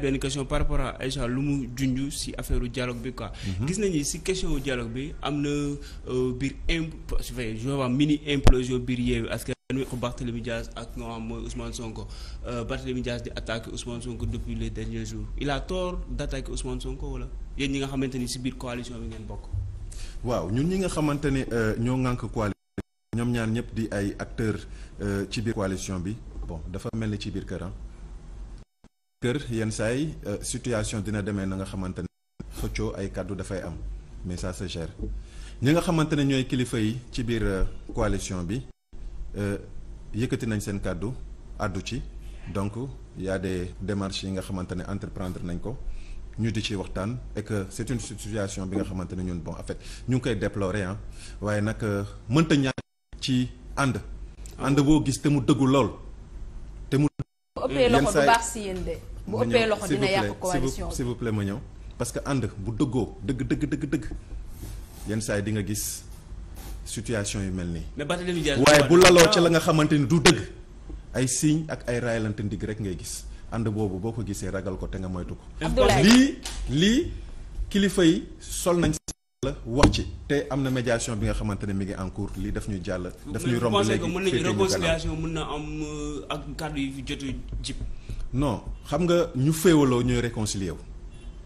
benn question par rapport à Aïcha lu mu junj si affaire dialogue bi quoi. Mhm. gis nañu si question dialogue bi am na euh, biir imp je vois mini implosion biir yeewu askan wi ko Barthélémy Diaz ak nga xam mooy Ousmane Sonko euh, Barthélémy Diaz di attaquer Ousmane Sonko depuis les derniers jours il a tort d'attaquer Ousmane Sonko wala yéen ñi nga xamante ni si biir coalition bi ngeen bokk. waaw ñun ñi nga xamante ne euh, ñoo ŋànk coalition ñoom ñaar ñëpp di ay acteurs ci biir coalition bi bon dafa ci biir këram. kër yenn saa yi euh, situation dina demee na nga xamante ne xëccoo ay kàddu dafay am mais ça se gère ñi nga xamante ne ñooy kilifa yi ci biir euh, coalition bi euh, yëkkati nañ seen kàddu àddu ci donc yaa de des démarches yi nga xamante ne entreprendre nañ ko ñu di ci waxtaan et que c'est une situation bi nga xamante ne ñun bon en fait ñu ngi koy déplorer ah waaye nag mënta ñàkk ci ànd. ànd boo gis te mu dëggu lool te mu. yenn saa bu ëppee loxo dina yàq coalition bi s'il vous parce que ànd bu dëggoo dëgg dëgg dëgg dëgg yenn saa yi di nga gis situation yu mel nii. waaye bu laloo ci la nga xamante ni du dëgg ay signe ak ay raayalante ndig rek ngay gis ànd boobu boo ko gisee ragal ko te nga moytu ko. lii lii kilifa yi sol nañ la wax ci te am na médiation bi nga xamante ne mi ngi en lii daf ñuy jàll. daf ñuy romb léegi mën nañu réconciliation mën na am euh, ak kàddu yi fi jotu jib non xam nga ñu féewaloo ñooy réconcilier wu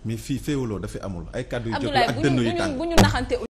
mais fii féewaloo dafa amul ay kàddu yu jot ak dënn yu tàng